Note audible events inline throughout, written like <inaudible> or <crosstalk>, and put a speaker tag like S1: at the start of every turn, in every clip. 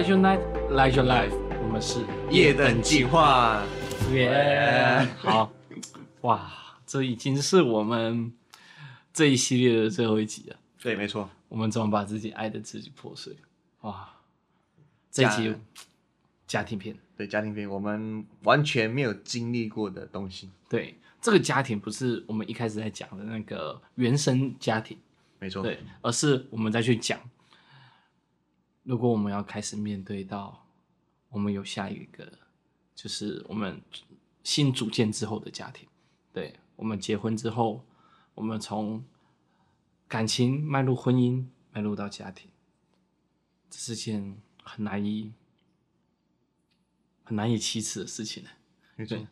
S1: Light your night, light your life. 我們是夜等計劃。耶！Yeah <laughs> 好，哇，這已經是我們這一系列的最後一集了。對，沒錯。我們怎麼把自己愛的支離破碎？哇，
S2: 這一集
S1: 家庭片，家對家庭片，我們完全沒有經歷過的東西。對，這個家庭不是我們一開始在講的那個原生家庭，沒錯，對，而是我們再去講。如果我們要開始面對到，我們有下一個，就是我們新組建之後的家庭，對，我們結婚之後，我們從感情邁入婚姻，邁入到家庭，這是件很難以，很難以啟齒的事情了，啊。對，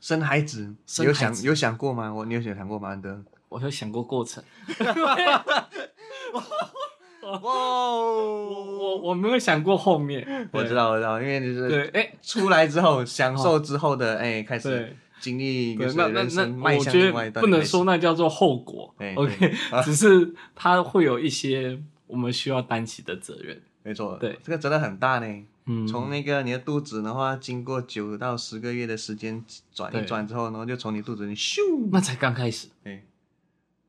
S1: 生孩子，生孩子有想
S2: 有想過嗎？我你有想過嗎？安德，我有想過過程。 <laughs> <laughs> 哇，我我沒有想過後面，我知道，我知道，因為就是哎，出來之後享受之後的哎，開始經歷人生，那那那，我覺得不能說
S1: 那叫做後果，OK，只是他會有一些我們需要擔起的責任，沒錯，對，這個責任很大呢。嗯，從
S2: 那個你的肚子的話，經過九到十個月的時間轉一轉之後，然後就從你
S1: 肚子裡咻，那才剛開始，哎，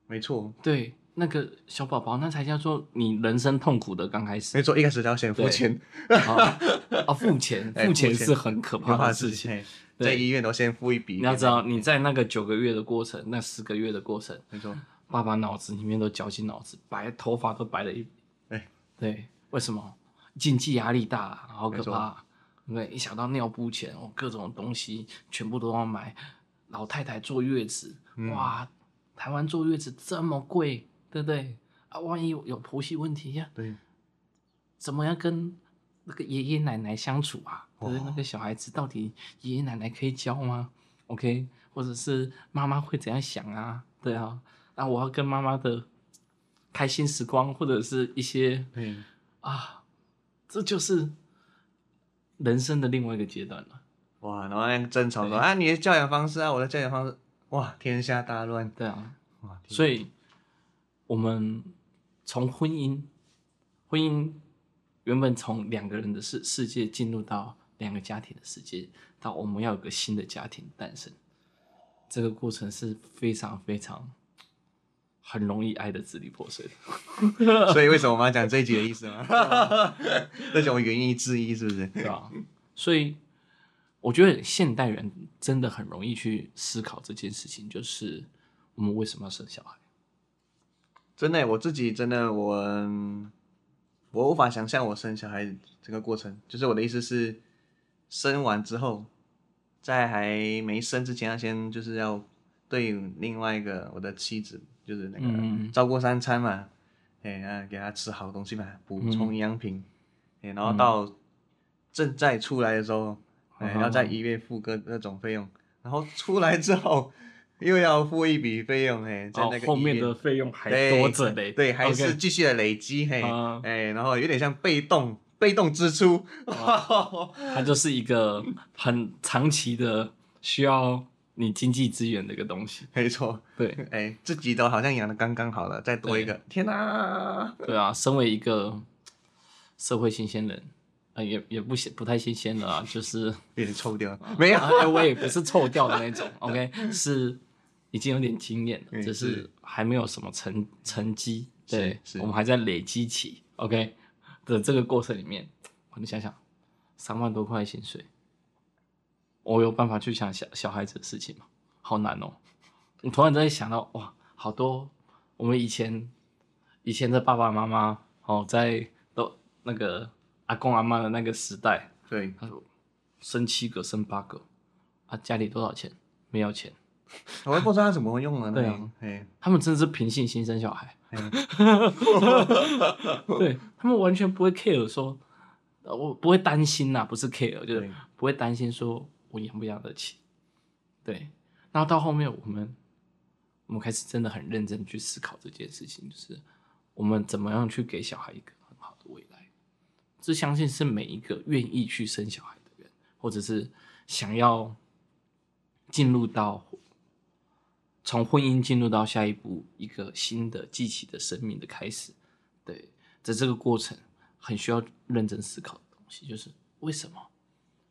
S1: 沒錯，對。那個小寶寶，那才叫做你人生痛苦的剛開始。沒錯，一開始都要先付錢。啊，付錢，付錢是很可怕的事情，在醫院都先付一筆。你要知道，你在那個九個月的過程，那十個月的過程，沒錯，爸爸腦子裡面都絞盡腦汁，白頭髮都白了一筆。對，為什麼經濟壓力大，好可怕！因為一想到尿布錢，我各種東西全部都要買，老太太坐月子，哇，台灣坐月子這麼貴。對不對啊？萬一有，有婆媳問題呀、啊？對，怎麼樣跟那個爺爺奶奶相處啊？對哦、那個小孩子到底爺爺奶奶可以教嗎？OK，或者是媽媽會怎樣想啊？對啊，那、啊、我要跟媽媽的開心時光，或者是一些對啊，這就是人生的另外一個階段
S2: 了、啊。哇，然後那爭吵說啊，你的教養方式啊，我的教養方式，哇，天下大亂。對啊，哇，
S1: 所以。我們從婚姻，婚姻原本從兩個人的世世界，進入到兩個家庭的世界，到我們要有個新的家庭誕生，這個過程是非常非常很容易愛的支離破碎的。
S2: 所以
S1: 為什麼我們要講這句的意思嗎？
S2: <laughs> <laughs>
S1: <laughs> 這種原因之一是不是？是吧？對啊。所以我覺得現代人真的很容易去思考這件事情，就是我們為什麼要生小孩。真的，我自己真
S2: 的我，我我無法想象我生小孩這個過程。就是我的意思是，生完之後，在還沒生之前，要先就是要對另外一個我的妻子，就是那個照顧三餐嘛，哎啊、嗯，給她吃好東西嘛，補充營養品，哎、嗯，然後到正在出來的時候，
S1: 哎、嗯，要在
S2: 醫院付各各種費用，然後出來之後。又要付一筆費用，哎、欸，在那個、哦、後面的費用還多着嘞，對，還是繼
S1: 續的累積嘿，哎，然後有點像被動，被動支出，嗯、它就是一個很長期的需要你經濟資源的一個東西。沒錯錯，對，哎、欸，自己都好像養的剛剛好了，再多一個，對
S2: 天哪、啊！對
S1: 啊，身為一個社會新鮮人，呃，也也不鮮，不太新鮮了，就是被人臭掉，沒有、啊欸，我也不是臭掉的那種 <laughs> ，OK，是。已經有點經驗了，嗯、只是還沒有什麼成是成績，對，我們還在累積起 OK 的這個過程裡面。我們想想，三萬多塊薪水，我有辦法去想小小孩子的事情嘛，好難哦、喔！你突然在想到哇，好多我們以前以前的爸爸媽媽哦，在都那個阿公阿媽的那個時代，對，他說、啊、生七個生八個，他、啊、家裡多少錢？沒有錢。我也不知道他怎麼用呢，啊。 <laughs> 樣對，他們真的是憑信心生小孩。 <laughs> <laughs> 對他們完全不會 care，說我不會擔心吶，啊，不是 care，對就是不會擔心說我養不養得起。對，然後到後面我們我們開始真的很認真去思考這件事情，就是我們怎麼樣去給小孩一個很好的未來。只相信是每一個願意去生小孩的人，或者是想要進入到。從婚姻進入到下一步一個新的、積起的生命的開始，對，在這個過程很需要認真思考的東西，就是為什麼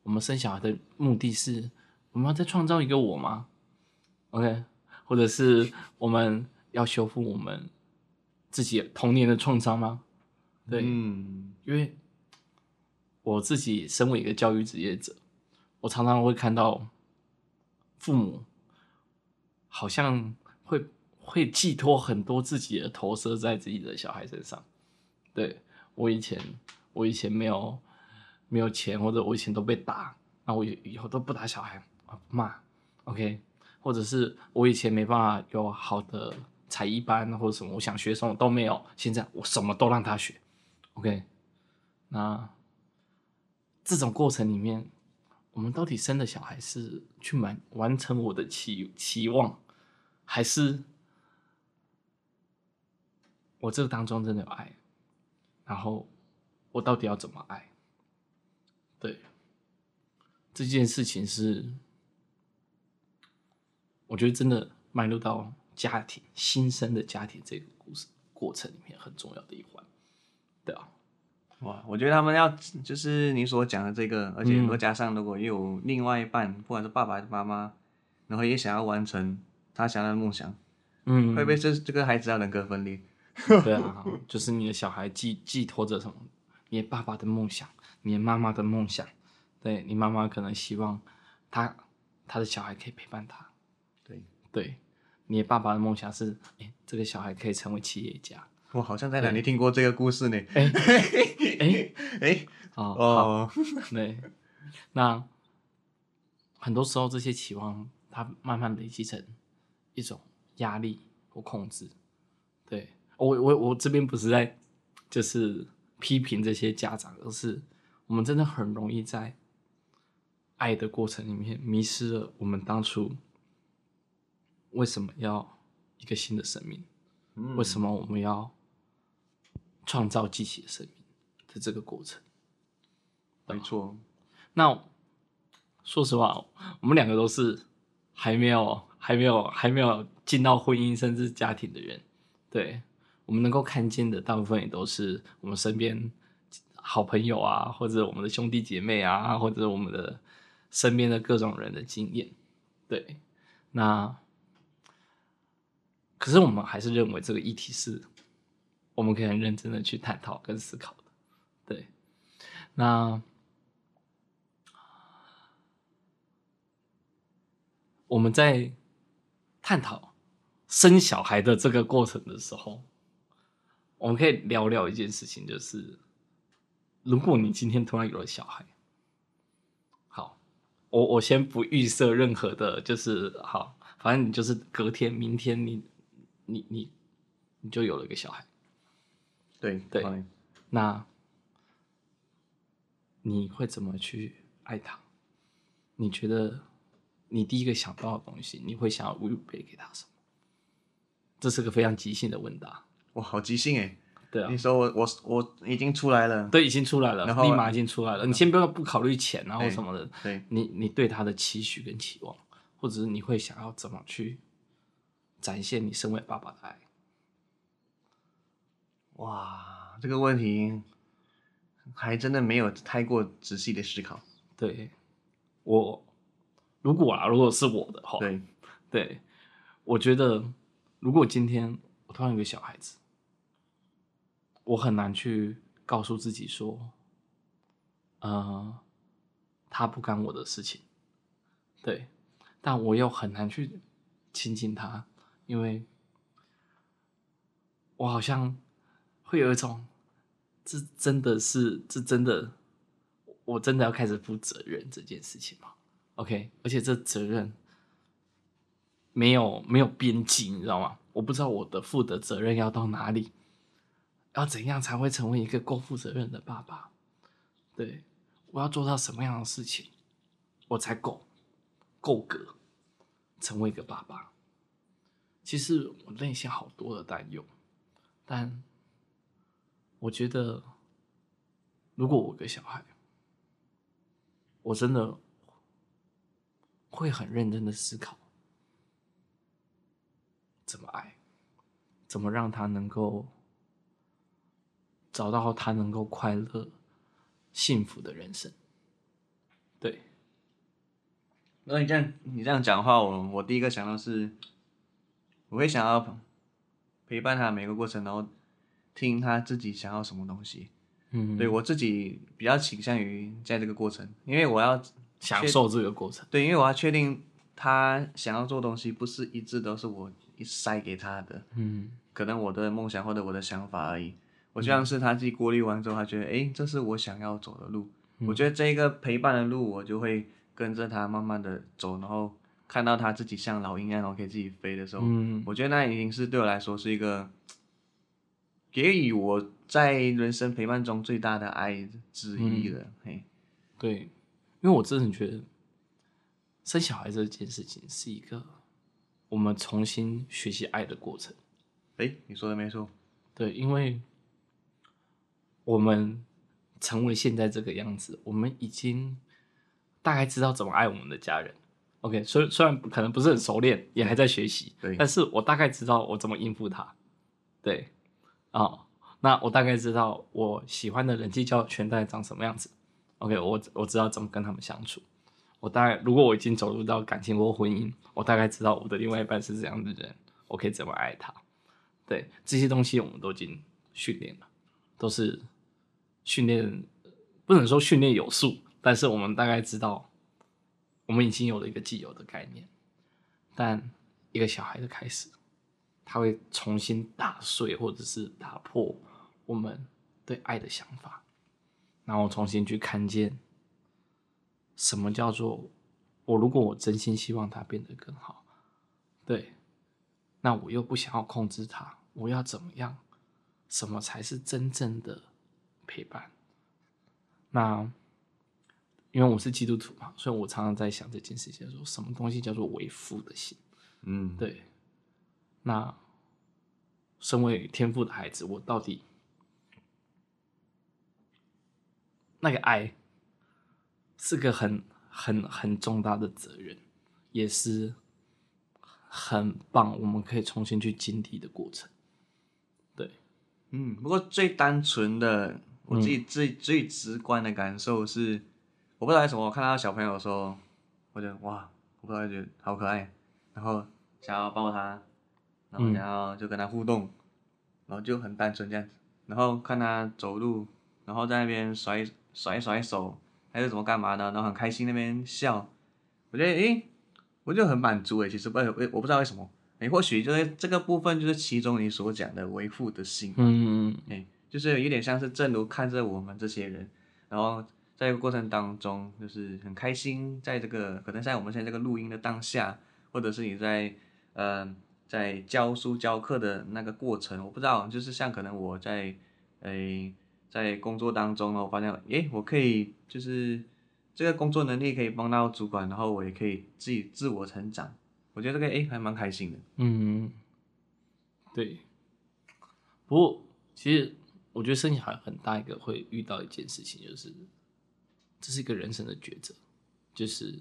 S1: 我們生小孩的目的是我們要再創造一個我嗎？OK，或者是我們要修復我們自己童年的創傷嗎？對，嗯、因為我自己身為一個教育職業者，我常常會看到父母。好像會會寄托很多自己的投射在自己的小孩身上，對，我以前我以前沒有沒有錢，或者我以前都被打，那我以後都不打小孩，罵，OK，或者是我以前沒辦法有好的才藝班或者什麼，我想學什麼都沒有，現在我什麼都讓他學，OK，那這種過程裡面，我們到底生的小孩是去滿完成我的期期望？還是我這個當中真的有愛，然後我到底要怎麼愛？對這件事情是，我覺得真的邁入到家庭新生的家庭這個故事過程裡面很重要的一環，
S2: 對啊、喔，哇，我覺得他們要就是你所講的這個，而且如果加上如果有另外一半，嗯、不管是爸爸還是媽媽，然後也想要完成。
S1: 他想要的夢想，
S2: 嗯，會不
S1: 會是這個孩子要人格分裂？對啊，就是你的小孩寄寄託着什麼？你的爸爸的夢想，你媽媽的夢想，對，你媽媽可能希望他他的小孩可以陪伴他，對對，你的爸爸的夢想是，哎、欸，這個小孩可以成為企業家。我好像在哪裡對聽過這個故事呢？哎哎哎哦哦，對，那很多時候這些期望，他慢慢累積成，一種壓力或控制，對，我，我我這邊不是在就是批評這些家長，而是我們真的很容易在愛的過程裡面迷失了我們當初為什麼要一個新的生命，嗯，為什麼我們要創造機器的生命在這個過程？沒錯。哦，那說實話，我們兩個都是還沒有。還沒有還沒有進到婚姻甚至家庭的人，對，我們能夠看見的大部分也都是我們身邊好朋友啊，或者我們的兄弟姐妹啊，或者我們的身邊的各種人的經驗。對，那可是我們還是認為這個議題是我們可以很認真的去探討跟思考的。對，那我們在。探討生小孩的這個過程的時候，我們可以聊聊一件事情，就是如果你今天突然有了小孩，好，我我先不預設任何的，就是好，反正你就是隔天、明天你，你你你你就有了一個小孩，對對，對迎那你會怎麼去愛他？你覺得？你第一個想到的東西，你會想要預備給他什麼？這是個非常即興的問答。哇，好即興哎！對啊，你說我我我已經出來了，都已經出來了，然後立馬已經出來了。你先不要不考慮錢，啊或什麼的。對，對你你對他的期許跟期望，或者是你會想要怎麼去展現你身為爸爸的愛？
S2: 哇，這個問題還真的沒有太過仔細的思考。
S1: 對我。如果啊，如果是我的的話，對，對，我覺得如果今天我突然有個小孩子，我很難去告訴自己說，嗯、呃，他不干我的事情，對，但我又很難去親近他，因為我好像會有一種，這真的是，這真的，我真的要開始負責任這件事情嗎？OK，而且這責任沒有沒有邊際，你知道嗎？我不知道我的負的責任要到哪裡，要怎樣才會成為一個夠負責任的爸爸？對，我要做到什麼樣的事情，我才夠夠格成為一個爸爸？其實我內心好多的擔憂，但我覺得，如果我有個小孩，我真的。會很認真的思考，怎麼愛，怎麼讓他能夠找到他能夠快樂、幸福的人生。
S2: 對，如果你這樣你這樣講的話，我我第一個想到是，我會想要陪伴他每個過程，然後聽他自己想要什麼東西。嗯。對，我自己比較傾向於在這個過程，因為我要。享受這個過程，對，因為我要確定他想要做的東西，不是一直都是我一塞給他的，嗯，可能我的夢想或者，我的想法而已。我希望是他自己過濾完之後，他覺得，哎，這是我想要走的路。嗯、我覺得這個陪伴的路，我就會跟着他慢慢的走，然後看到他自己像老鷹一樣，我可以自己飛的時候，嗯，我覺得那已經是對我來說是一個給予
S1: 我在人生陪伴中最大的愛之一了。嗯、嘿，對。因為我真的很覺得，生小孩這件事情是一個我們重新學習愛的過程。哎、欸，你說的沒錯。對，因為我們成為現在這個樣子，我們已經大概知道怎麼愛我們的家人。OK，雖雖然可能不是很熟練，也還在學習，對，但是我大概知道我怎麼應付他。對，啊、哦，那我大概知道我喜歡的人際交往圈大概長什麼樣子。OK，我我知道怎麼跟他們相處。我大概如果我已經走入到感情或婚姻，我大概知道我的另外一半是怎樣的人，我可以怎麼愛他。對，這些東西我們都已經訓練了，都是訓練，不能說訓練有素，但是我們大概知道，我們已經有了一個既有的概念。但一個小孩的開始，他會重新打碎或者是打破我們對愛的想法。然後重新去看見，什麼叫做我？如果我真心希望他變得更好，對，那我又不想要控制他，我要怎麼樣？什麼才是真正的陪伴？那因為我是基督徒嘛，所以我常常在想這件事情，說什麼東西叫做為父的心？嗯，對。那身為天父的孩子，我到底？那個愛是個很很很重大的責任，也是很棒，我們可以重新去經歷的過程。對，
S2: 嗯，不過最單純的，我自己最最直觀的感受是，嗯、我不知道為什麼我看到小朋友的時候，我覺得哇，我不知道覺得好可愛，然後想要抱他，然後想要就跟他互動，嗯、然後就很單純這樣子，然後看他走路，然後在那邊甩。甩一甩手，還是怎麼幹嘛的，然後很開心那邊笑，我覺得誒，我就很滿足誒，其實不，我我不知道為什麼誒，或許就是這個部分，就是其中你所講的為父的心，嗯嗯嗯，誒，就是有點像是，正如看着我們這些人，然後在一個過程當中就是很開心，在這個可能在我們現在這個錄音的當下，或者是你在嗯、呃，在教書教課的那個過程，我不知道，就是像可能我在誒。在工作當中呢，我發現了，哎、欸，我可以就是這個工作能力可以幫到主管，然後我也可以自己自我成長。我覺得這個哎、欸，還蠻開
S1: 心的。嗯，對。不過其實我覺得生小孩很大一個會遇到一件事情，就是這是一個人生的抉擇，就是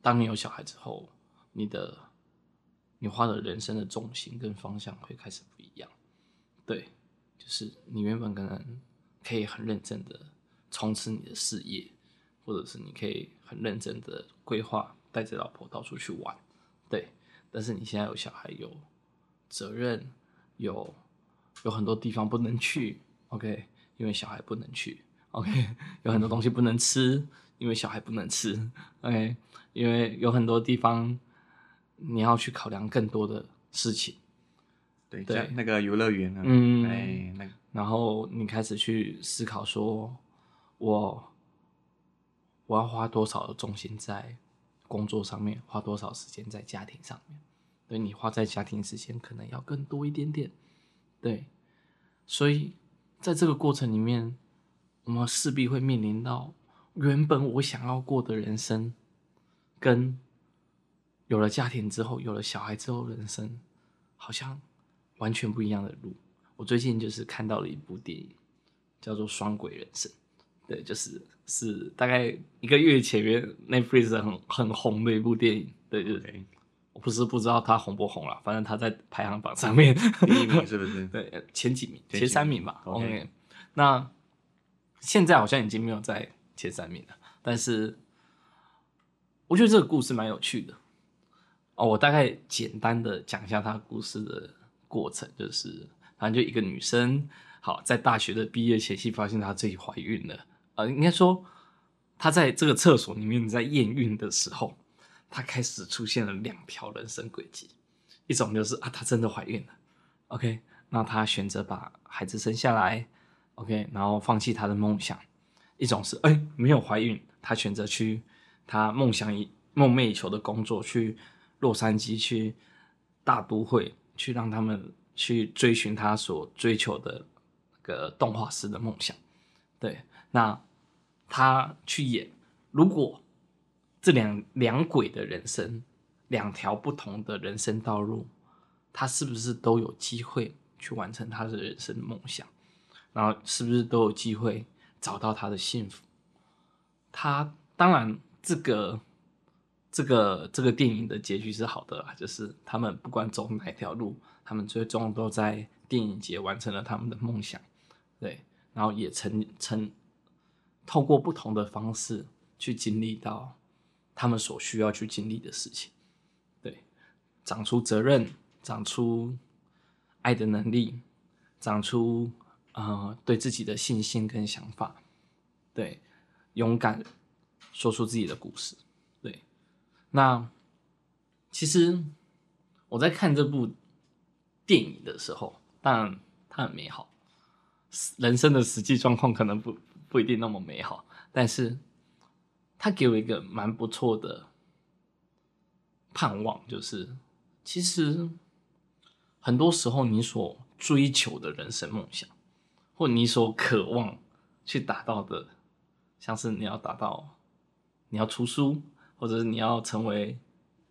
S1: 當你有小孩之後，你的你花的人生的重心跟方向會開始不一樣。對，就是你原本可能。可以很認真的從事你的事業，或者是你可以很認真的規劃帶着老婆到處去玩，對。但是你現在有小孩，有責任，有有很多地方不能去，OK？因為小孩不能去，OK？有很多東西不能吃，因為小孩不能吃，OK？因為有很多地方你要去考量更多的事情。對，對，那個遊樂園啊，嗯、對那個，然後你開始去思考說，說我我要花多少的重心在工作上面，花多少時間在家庭上面？對，你花在家庭時間可能要更多一點點，對，所以在這個過程裡面，我們勢必會面臨到原本我想要過的人生，跟有了家庭之後，有了小孩之後的人生好像。完全不一樣的路。我最近就是看到了一部電影，叫做《雙鬼人生》。對，就是是大概一個月前面那 e t 很很紅的一部電影。對，對 Okay. 我不是不知道他紅不紅了，反正他在排行榜上面第一名是不是？ <laughs> 對，前幾名，前幾名前三名吧。OK，那現在好像已經沒有在前三名了。但是我覺得這個故事蠻有趣的。哦，我大概簡單的講一下他故事的。過程就是，反正就一個女生，好，在大學的畢業前夕，發現她自己懷孕了。呃，應該說，她在這個廁所裡面在驗孕的時候，她開始出現了兩條人生軌跡，一種就是啊，她真的懷孕了，OK，那她選擇把孩子生下來，OK，然後放棄她的夢想；一種是哎、欸，沒有懷孕，她選擇去她夢想以夢寐以求的工作，去洛杉磯，去大都會。去讓他們去追尋他所追求的那個動畫師的夢想，對。那他去演，如果這兩兩軌的人生，兩條不同的人生道路，他是不是都有機會去完成他的人生的夢想？然後是不是都有機會找到他的幸福？他當然這個。這個這個電影的結局是好的啊，就是他們不管走哪條路，他們最終都在電影節完成了他們的夢想，對，然後也成成透過不同的方式去經歷到他們所需要去經歷的事情，對，長出責任，長出愛的能力，長出啊，呃，對自己的信心跟想法，對，勇敢說出自己的故事。那其實我在看這部電影的時候，當然它很美好，人生的實際狀況可能不不一定那麼美好，但是它給我一個蠻不錯的盼望，就是其實很多時候你所追求的人生夢想，或你所渴望去達到的，像是你要達到，你要出書，或者是你要成為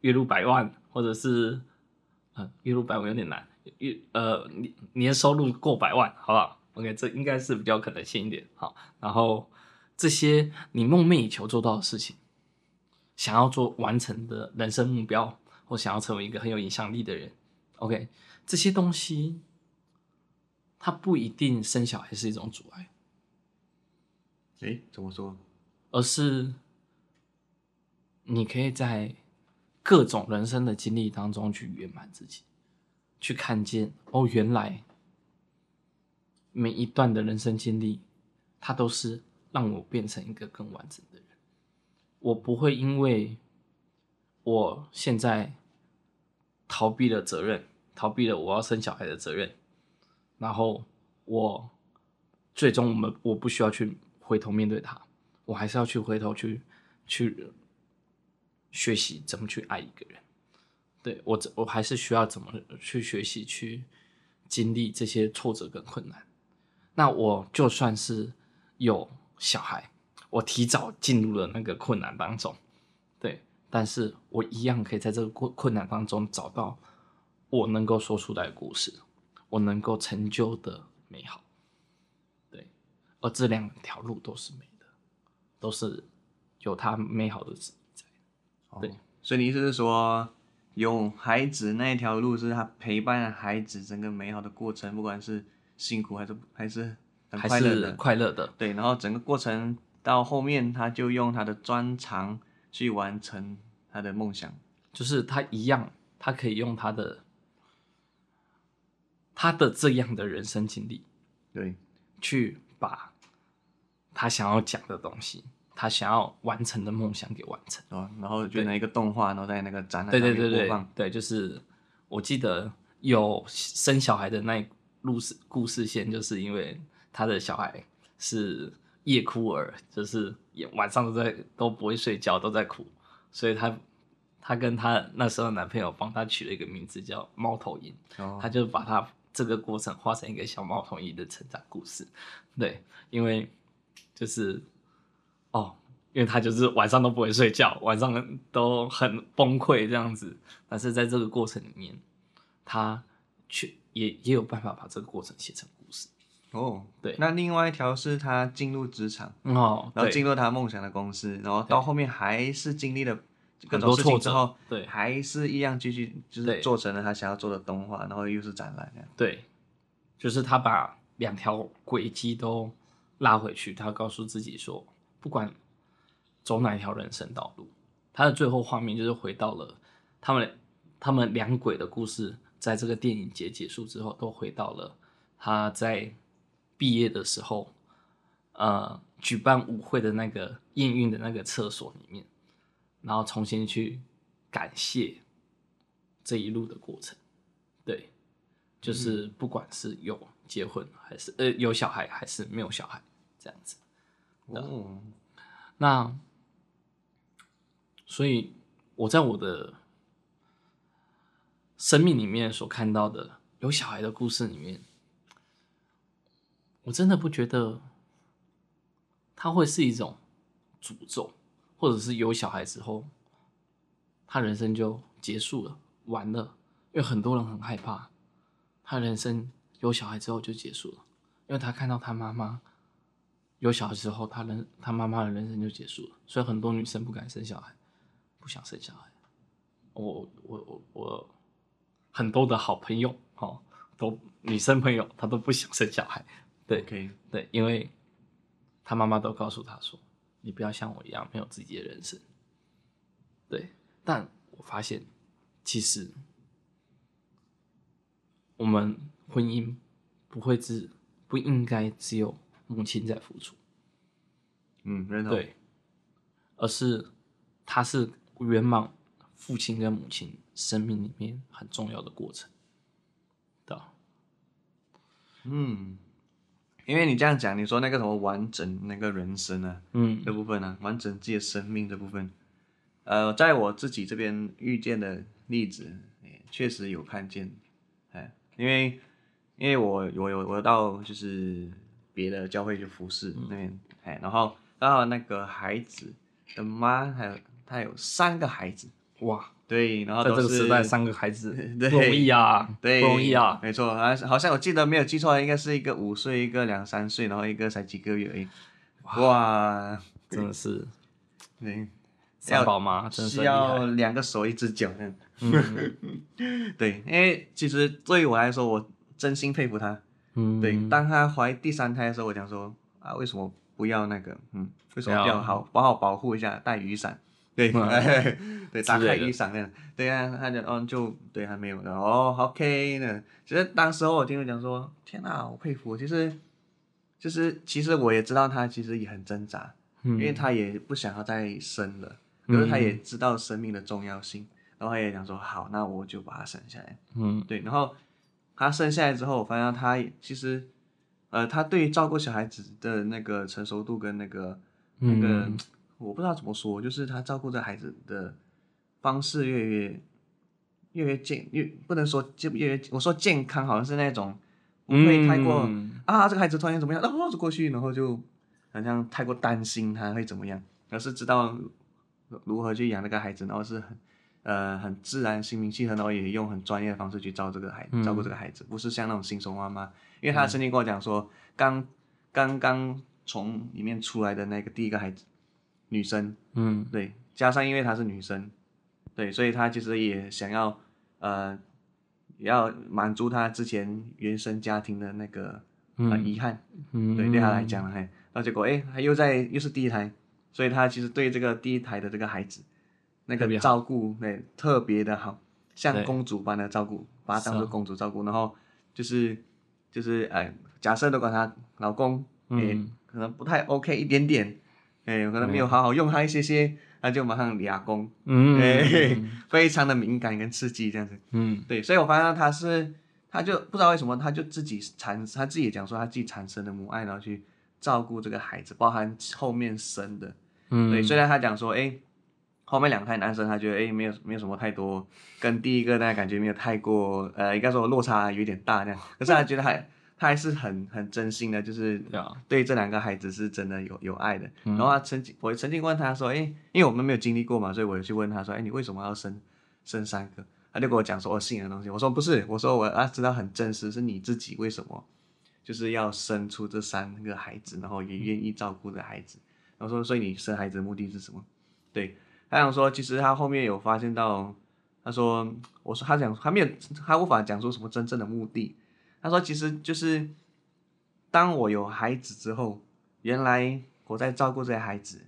S1: 月入百萬，或者是嗯、呃、月入百萬有點難，月呃你年收入過百萬，好不好？OK，這應該是比較可能性一點。好，然後這些你夢寐以求做到的事情，想要做完成的人生目標，或想要成為一個很有影響力的人，OK，這些東西它不一定生小孩是一種阻礙。誒、欸，怎麼說？而是。你可以在各種人生的經歷當中去圓滿自己，去看見哦，原來每一段的人生經歷，它都是讓我變成一個更完整的人。我不會因為我現在逃避了責任，逃避了我要生小孩的責任，然後我最終我們我不需要去回頭面對它，我還是要去回頭去去，學習怎麼去愛一個人，對我，我還是需要怎麼去學習，去經歷這些挫折跟困難。那我就算是有小孩，我提早進入了那個困難當中，對，但是我一樣可以在這個困難當中找到我能夠說出來的故事，我能夠成就的美好。對，而這兩條路都是美的，都是有它
S2: 美好的。Oh, 對，所以你意思是說，有孩子那一條路，是他陪伴孩子整個美好的過程，不管是辛苦還是還是很快樂的還是快樂的。對，然後整個過程到後面，他就用他的專
S1: 長去完成他的夢想，就是他一樣，他可以用他的他的這樣的人生經歷，對，去把他想要講的東西。他想要完成的夢想給完成，哦、然後變成一個動畫，對然後在那個展覽裡面播放。對對對對,對，就是我記得有生小孩的那一路故事線，就是因為他的小孩是夜哭兒，就是也晚上都在都不會睡覺，都在哭，所以他他跟他那時候的男朋友幫他取了一個名字叫貓頭鷹，哦、他就把他這個過程畫成一個小貓頭鷹的成長故事。對，因為就是。哦，因為他就是晚上都不會睡覺，晚上都很崩潰這樣子。但是在這個過程裡面，他卻也也有辦法把這個過程寫成故事。
S2: 哦，對。那另外一條是他進入職場、嗯、哦，然後進入他夢想的公
S1: 司，對然後到
S2: 後面還是經歷了很多挫折之後，對，還是一樣繼續就是做成
S1: 了他想要做的動畫，然後又是展覽。對，就是他把兩條軌跡都拉回去，他告訴自己說。不管走哪一條人生道路，他的最後畫面就是回到了他們他們兩軌的故事，在這個電影節結束之後，都回到了他在畢業的時候，呃，舉辦舞會的那個驗孕的那個廁所裡面，然後重新去感謝這一路的過程。對，就是不管是有結婚還是、嗯、呃有小孩還是沒有小孩這樣子。嗯，那所以我在我的生命裡面所看到的有小孩的故事裡面，我真的不覺得他會是一種詛咒，或者是有小孩之後他人生就結束了，完了。因為很多人很害怕他人生有小孩之後就結束了，因為他看到他媽媽。有小孩之後，他能，他媽媽的人生就結束了，所以很多女生不敢生小孩，不想生小孩。我我我我，很多的好朋友哦，都女生朋友，她都不想生小孩。對，可以，對，因為她媽媽都告訴她說：“你不要像我一樣沒有自己的人生。”對，但我發現，其實我們婚姻不會只，不應該只有。母親在付出，嗯，認同對，而是他是圓滿父親跟母親生命裡面很重要的過程，對，嗯，
S2: 因為你這樣講，你說那個什麼完整那個人生呢、啊？嗯，這部分呢、啊，完整自己的生命這部分，呃，在我自己這邊遇見的例子，確實有看見，嗯、因為因為我我有我有到就是。別的教會去服侍，那邊，哎、嗯，然後然後那個孩子的媽，還有她有三個孩子，哇，對，然後這個時代三
S1: 個孩子，對不容易啊，對，不容易啊，
S2: 沒錯，好像我記得沒有記錯，應該是一個五歲，一個兩三歲，然後一個才幾個月，哇，對真的是，
S1: 三對寶媽，真是要，要
S2: 兩個手一隻腳的，嗯、 <laughs> 對，因為其實對於我來說，我真心佩服他。嗯，對，當他懷第三胎的時候，我講說啊，為什麼不要那個？嗯，為什麼不要好，嗯、好好保護一下，帶雨傘，對，嗯哎、 <laughs> 對，打開雨傘樣，那對呀、啊，他就嗯、哦，就對，他沒有的，哦，好、okay, K 那，其實當時我聽他講說，天哪，我佩服，其實，就是其實我也知道他其實也很掙扎，嗯、因為他也不想要再生了，可是他也知道生命的重要性，嗯、然後他也想說好，那我就把他生下來，嗯，對，然後。他生下來之後，我發現他其實，呃，他對照顧小孩子的那個成熟度跟那個、嗯、那個，我不知道怎麼說，就是他照顧這孩子的方式越來越越越健，越不能說健越來，我說健康好像是那種不會太過、嗯、啊，這個孩子突然怎麼樣啊，哇，就過去，然後就好像太過擔心他會怎麼樣，而是知道如何去養那個孩子，然後是很。呃，很自然、心平氣和，然後也用很專業的方式去照這個孩，嗯、照顧這個孩子，不是像那種新手媽媽。因為她曾經跟我講說，嗯、剛剛剛從裡面出來的那個第一個孩子，女生，嗯，對，加上因為她是女生，對，所以她其實也想要，呃，要滿足她之前原生家庭的那個很、嗯呃、遺憾，對，對她來講，嗯、嘿，那結果哎，她又在又是第一胎，所以她其實對這個第一胎的這個孩子。那個照顧特別，對特別的好，像公主般的照顧，對把她當做公主照顧，哦、然後就是就是哎，假設都講，她老公哎、嗯欸、可能不太 OK 一點點，哎、欸、可能沒有好好用她一些些，她有就馬上離啊公，非常的敏感跟刺激這樣子，嗯對，所以我發現她是她就不知道為什麼，她就自己產，她自己也講說她自己產生的母愛，然後去照顧這個孩子，包含後面生的，嗯對，雖然她講說哎。欸後面兩個男生，他覺得哎，沒有沒有什麼太多，跟第一個那感覺沒有太過，呃，應該說落差有點大那樣。可是他覺得還，他還是很很真心的，就是對這兩個孩子是真的有有愛的。然後他曾經我曾經問他說，哎，因為我們沒有經歷過嘛，所以我有去問他說，哎，你為什麼要生生三個？他就跟我講說，我信仰的東西。我說不是，我說我啊知道很真實，是你自己為什麼就是要生出這三個孩子，然後也願意照顧這孩子。嗯、然後我說，所以你生孩子的目的是什麼？對。他想說，其實他後面有發現到，他說，我說他講，他沒有，他無法講出什麼真正的目的。他說，其實就是當我有孩子之後，原來我在照顧這些孩子，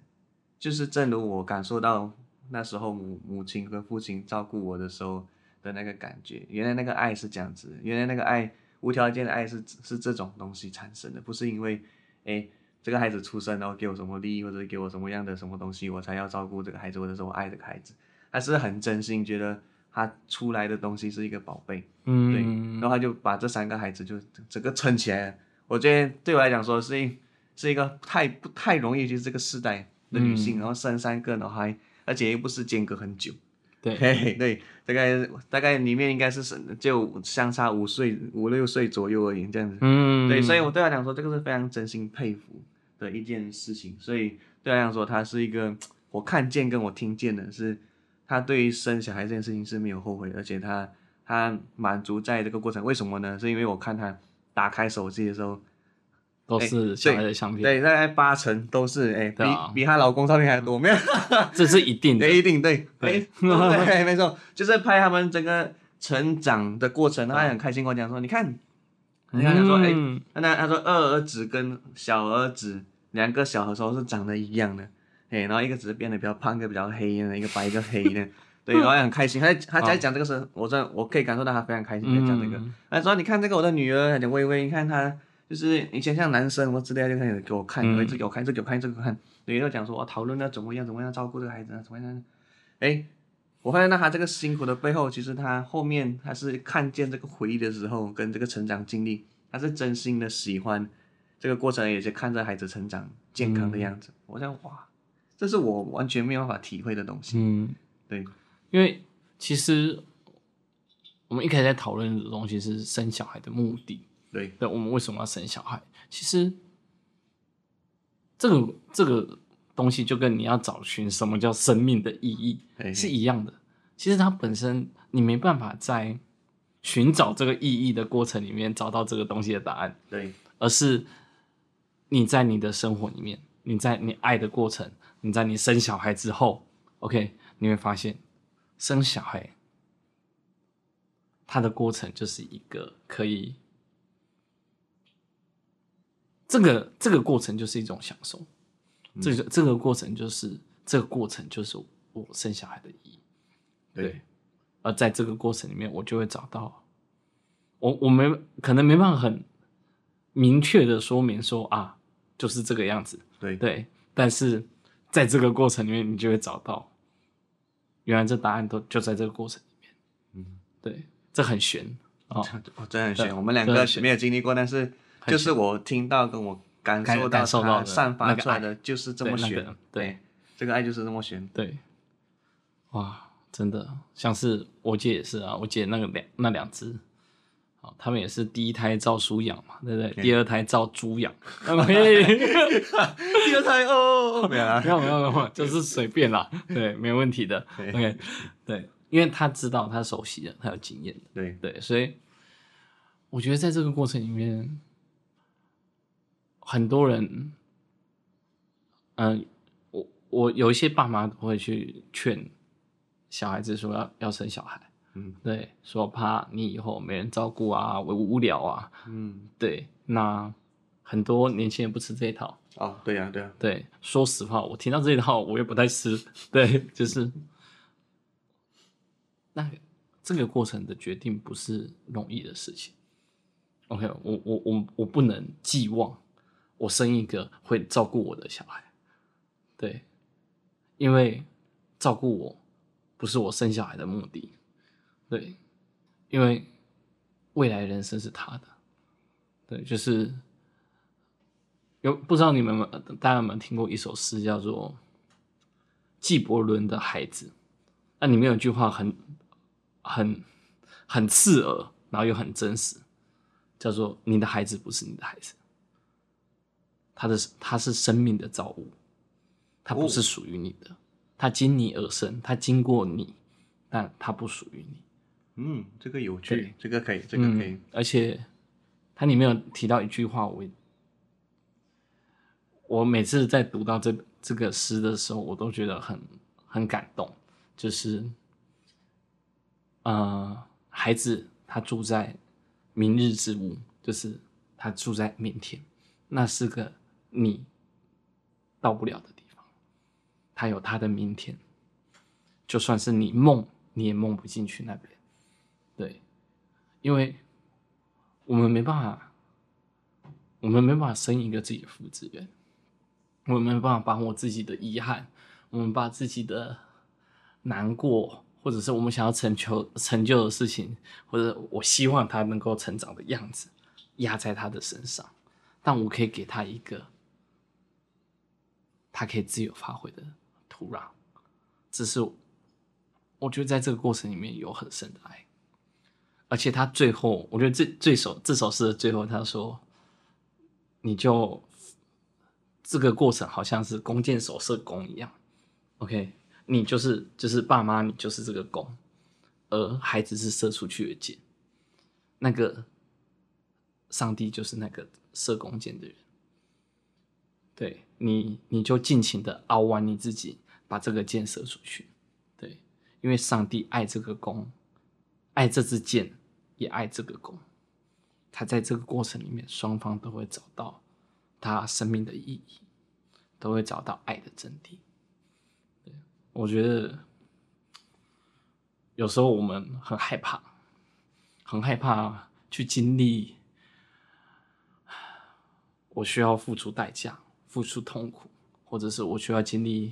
S2: 就是正如我感受到那時候母，母親跟父親照顧我的時候的那個感覺，原來那個愛是這樣子，原來那個愛無條件的愛是是這種東西產生的，不是因為，誒這個孩子出生然後給我什麼利益或者給我什麼樣的什麼東西我才要照顧這個孩子或者是我愛這個孩子，他是很真心覺得他出來的東西是一個寶貝，嗯，對，然後他就把這三個孩子就整個撐起來，我覺得對我來講說是一是一個太不太容易就是這個世代的女性、嗯、然後生三個然後還而且又不是間隔很久，對對,對，大概大概裡面應該是是就相差五歲五六歲左右而已這樣子，嗯，對，所以我對他來講說這個是非常真心佩服。的一件事情，所以對他講說，他是一個我看見跟我聽見的，是他對於生小孩這件事情是沒有後悔，而且他他滿足在這個過程，為什麼呢？是因為我看他打開手機的時候，都是小孩的相片，欸、對，對大概八成都是，哎、欸，比、啊、比他老公照片還多，沒有， <laughs> 這是一定的，欸、一定對，沒，沒錯，就是拍他們整個成長的過程，他很開心跟我講說，對你看，你看、嗯、他說，哎、欸，那他說二兒子跟小兒子。兩個小的時候是長得一樣的，哎，然後一個只是變得比較胖，一個比較黑的，一個白一個黑的， <laughs> 對，然後很開心，他他在講這個事，哦、我這我可以感受到他非常開心在、嗯、講這個，哎，說你看這個我的女兒叫微微，你看她就是以前像男生我之類的就開始給我看，一直、嗯、給我看一直、這個、給我看一直、這個、給我看，對，就講說、哦、討論要怎麼樣怎麼樣照顧這個孩子怎麼，怎麼樣，哎，我發現到他這個辛苦的背後，其實他後面他是看見這個回憶的時候跟這個成長經歷，他是真心的喜歡。這個過程也是看着孩子成長、健康的樣子，嗯、我想哇，這是我完全沒有辦法
S1: 體會的東西。嗯，對，因為其實我們一開始在討論的東西是生小孩的目的。對，對，我們為什麼要生小孩？其實這個這個東西就跟你要找尋什麼叫生命的意義對是一樣的。其實它本身你沒辦法在尋找這個意義的過程裡面找到這個東西的答案。對，而是。你在你的生活裡面，你在你愛的過程，你在你生小孩之後，OK，你會發現，生小孩，它的過程就是一個可以，這個這個過程就是一種享受，嗯、這個這個過程就是這個過程就是我生小孩的意義，對，欸、而在這個過程裡面，我就會找到，我我沒可能沒辦法很明確的說明說啊。就是這個樣子，對對，但是在這個過程裡面，你就會找到，原來這答案都就在這個過程裡面。嗯，對，這很玄，嗯、哦，我真很玄。對我們兩個沒有
S2: 經歷過，但是就是我聽到跟我
S1: 感受到他感受到的散發出來的，就是這麼玄。對，那個、對，對，這個愛就是這麼玄。對，哇，真的，像是我姐也是啊，我姐那個兩那兩隻。哦，他們也是第一胎照書養嘛，對不對？Yeah. 第二胎照豬養，OK。 <laughs> <laughs> 第二胎哦，oh, <laughs> 沒有啦，沒有沒有沒有，就是隨便啦， <laughs> 對，沒問題的，OK。 <laughs> 對，因為他知道，他熟悉的，他有經驗的，對對，所以我覺得在這個過程裡面，很多人，嗯、呃，我我有一些爸媽會去勸小孩子說要要生小孩。嗯，對，說怕你以後沒人照顧啊，我無聊啊。嗯，對，那很多年輕人不吃這一套啊。哦，對呀對呀對，說實話，我聽到這一套，我也不太吃。對，就是 <laughs> 那這個過程的決定不是容易的事情。OK，我我我我不能寄望我生一個會照顧我的小孩。對，因為照顧我不是我生小孩的目的。對，因為未來人生是他的，對，就是有不知道你們有有大家有沒有聽過一首詩，叫做紀伯倫的孩子，那裡面有句話很很很刺耳，然後又很真實，叫做你的孩子不是你的孩子，他的他是生命的造物，他不是屬於你的，哦、他經你而生，他經過你，但他不屬於你。嗯，這個有趣，對這個可以，這個可以。嗯，而且，它裡面有提到一句話，我我每次在讀到這這個詩的時候，我都覺得很很感動。就是，呃，孩子他住在明日之屋，就是他住在明天，那是個你到不了的地方。他有他的明天，就算是你夢，你也夢不進去那邊。因為我們沒辦法，我們沒辦法生一個自己的複製人，我們沒辦法把我自己的遺憾，我們把自己的難過，或者是我們想要成就成就的事情，或者我希望他能夠成長的樣子，壓在他的身上。但我可以給他一個，他可以自由發揮的土壤。只是我覺得在這個過程裡面有很深的愛。而且他最後，我覺得這這首這首詩的最後，他說：“你就這個過程好像是弓箭手射弓一樣，OK，你就是就是爸媽，你就是這個弓，而孩子是射出去的箭，那個上帝就是那個射弓箭的人，對你，你就盡情的凹彎你自己，把這個箭射出去，對，因為上帝愛這個弓，愛這支箭。”也愛這個公，他在這個過程裡面，雙方都會找到他生命的意義，都會找到愛的真諦。對，我覺得有時候我們很害怕，很害怕去經歷。我需要付出代價，付出痛苦，或者是我需要經歷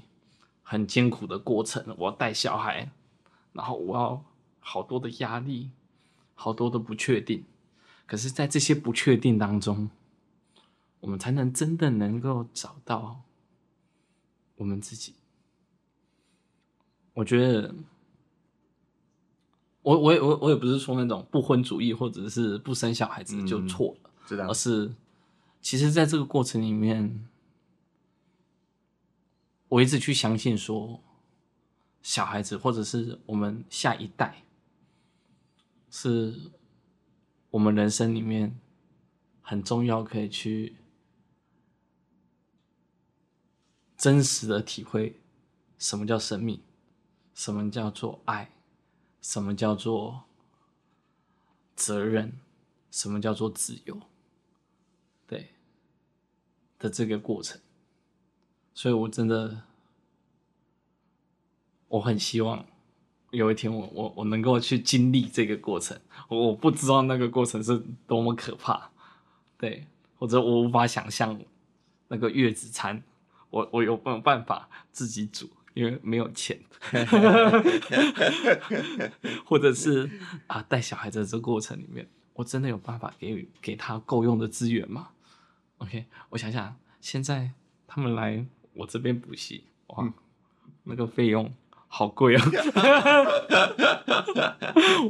S1: 很艱苦的過程。我要帶小孩，然後我要好多的壓力。好多都不確定，可是，在這些不確定當中，我們才能真的能夠找到我們自己。我覺得我，我我也我我也不是說那種不婚主義或者是不生小孩子就錯了，嗯、是這樣。而是，其實，在這個過程裡面，我一直去相信說，小孩子或者是我們下一代。是我們人生裡面很重要，可以去真實的體會什麼叫生命，什麼叫做愛，什麼叫做責任，什麼叫做自由，對，的這個過程。所以我真的，我很希望。有一天我，我我我能夠去經歷這個過程我，我不知道那個過程是多麼可怕，對，或者我無法想象，那個月子餐，我我有沒有辦法自己煮，因為沒有錢， <laughs> 或者是啊帶小孩的這個過程裡面，我真的有辦法給給他夠用的資源嗎？OK，我想想，現在他們來我這邊補習，哇，嗯，那個費用。好貴啊！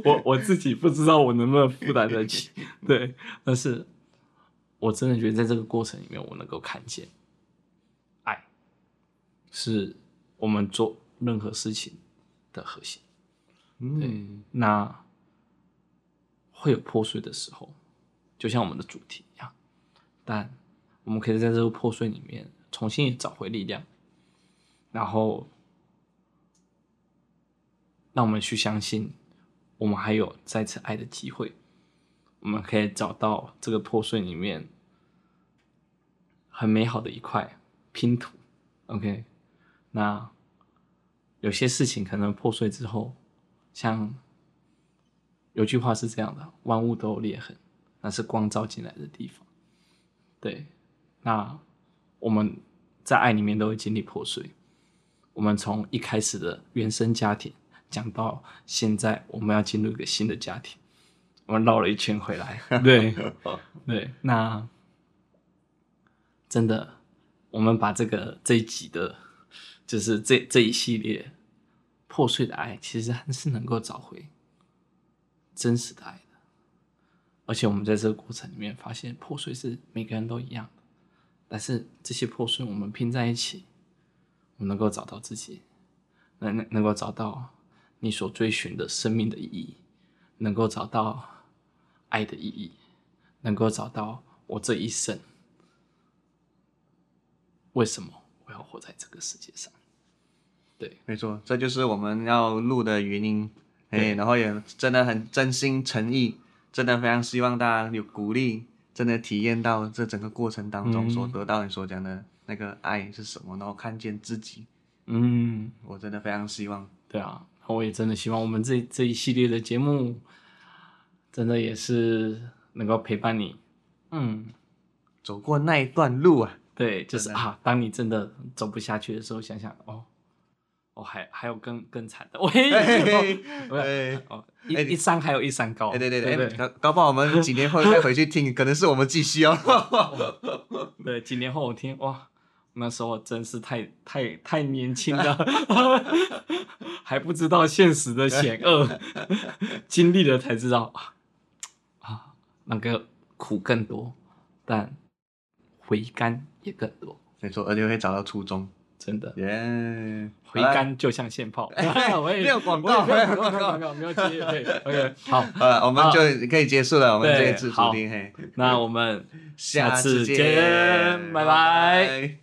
S2: 我
S1: 我自己不知道我能不能負擔得起。對，但是我真的覺得在這個過程裡面，我能夠看見，愛是我們做任何事情的核心。嗯，那會有破碎的時候，就像我們的主題一樣，但我們可以在這個破碎裡面重新找回力量，然後。讓我們去相信，我們還有再次愛的機會。我們可以找到這個破碎裡面很美好的一塊拼圖。OK，那有些事情可能破碎之後，像有句話是這樣的：“萬物都有裂痕，那是光照進來的地方。”對，那我們在愛裡面都會經歷破碎。我們從一開始的原生家庭。講到現在，我們要進入一個新的家庭，我們繞了一圈回來。 <laughs> 對對，那真的，我們把這個這一集的，就是這這一系列破碎的愛，其實還是能夠找回真實的愛的。而且我們在這個過程裡面發現，破碎是每個人都一樣的，但是這些破碎我們拼在一起，我們能夠找到自己，能能能夠找到，你所追尋的生命的意義，能夠找到愛的意義，能夠找到我這一生為什麼我要活在這個世界上？對，沒錯，
S2: 這就是我們要錄的原因。哎對、欸，然後也真的很真心誠意，真的非常希望大家有鼓勵，真的體驗到這整個過程當中所得到你所講的那個愛是什麼，嗯、然後看見自己。
S1: 嗯，
S2: 嗯，我真的非常
S1: 希望。對啊。我也真的希望我們這這一系列的節目，真的也是能夠陪伴你，嗯，走過那一段路啊。對，就是啊，當你真的走不下去的時候，想想哦，哦，還還有更更慘的，我還有，對，哦，一山還有一山高。對對對對，
S2: 高寶，我們幾年後再回去聽，可能是我們繼續哦。
S1: 對，幾年後我聽哇。那時候真是太太太年輕了，還不知道現實的險惡，經歷了才知道啊，那個苦更多，但回甘也更多。沒錯，而且會找到初衷，真的。耶，回甘就像
S2: 現泡，沒有廣告，沒有廣告，沒有沒沒沒有有有沒
S1: 有 OK 好，呃，我們就
S2: 可以結束了，我們這一次好題嘿，那我們下次見，拜拜。